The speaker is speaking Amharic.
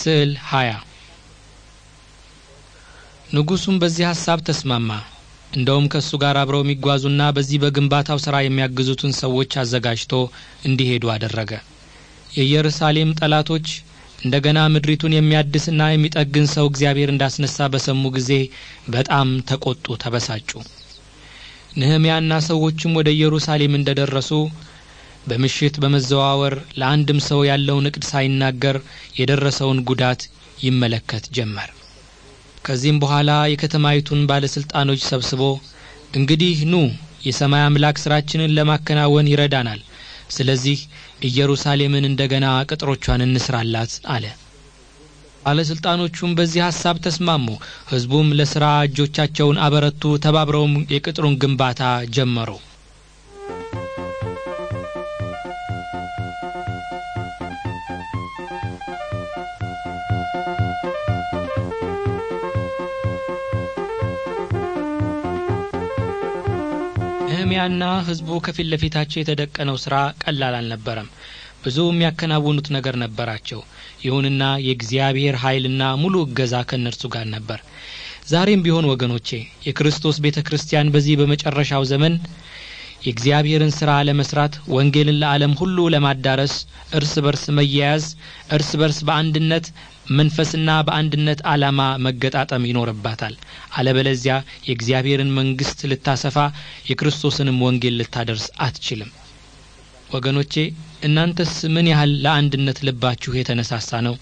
ስዕል 20 ንጉሱም በዚህ ሐሳብ ተስማማ። እንደውም ከእሱ ጋር አብረው የሚጓዙና በዚህ በግንባታው ሥራ የሚያግዙትን ሰዎች አዘጋጅቶ እንዲሄዱ አደረገ። የኢየሩሳሌም ጠላቶች እንደገና ምድሪቱን የሚያድስና የሚጠግን ሰው እግዚአብሔር እንዳስነሳ በሰሙ ጊዜ በጣም ተቆጡ፣ ተበሳጩ። ንህምያና ሰዎችም ወደ ኢየሩሳሌም እንደደረሱ በምሽት በመዘዋወር ለአንድም ሰው ያለውን እቅድ ሳይናገር የደረሰውን ጉዳት ይመለከት ጀመር። ከዚህም በኋላ የከተማይቱን ባለሥልጣኖች ሰብስቦ እንግዲህ ኑ የሰማይ አምላክ ሥራችንን ለማከናወን ይረዳናል፣ ስለዚህ ኢየሩሳሌምን እንደገና ቅጥሮቿን እንስራላት አለ። ባለሥልጣኖቹም በዚህ ሐሳብ ተስማሙ። ሕዝቡም ለሥራ እጆቻቸውን አበረቱ፣ ተባብረውም የቅጥሩን ግንባታ ጀመሩ። ነህምያና ህዝቡ ከፊት ለፊታቸው የተደቀነው ስራ ቀላል አልነበረም። ብዙ የሚያከናውኑት ነገር ነበራቸው። ይሁንና የእግዚአብሔር ኃይልና ሙሉ እገዛ ከእነርሱ ጋር ነበር። ዛሬም ቢሆን ወገኖቼ የክርስቶስ ቤተ ክርስቲያን በዚህ በመጨረሻው ዘመን የእግዚአብሔርን ሥራ ለመስራት ወንጌልን ለዓለም ሁሉ ለማዳረስ እርስ በርስ መያያዝ እርስ በርስ በአንድነት መንፈስና በአንድነት ዓላማ መገጣጠም ይኖርባታል። አለበለዚያ የእግዚአብሔርን መንግሥት ልታሰፋ የክርስቶስንም ወንጌል ልታደርስ አትችልም። ወገኖቼ እናንተስ ምን ያህል ለአንድነት ልባችሁ የተነሳሳ ነው?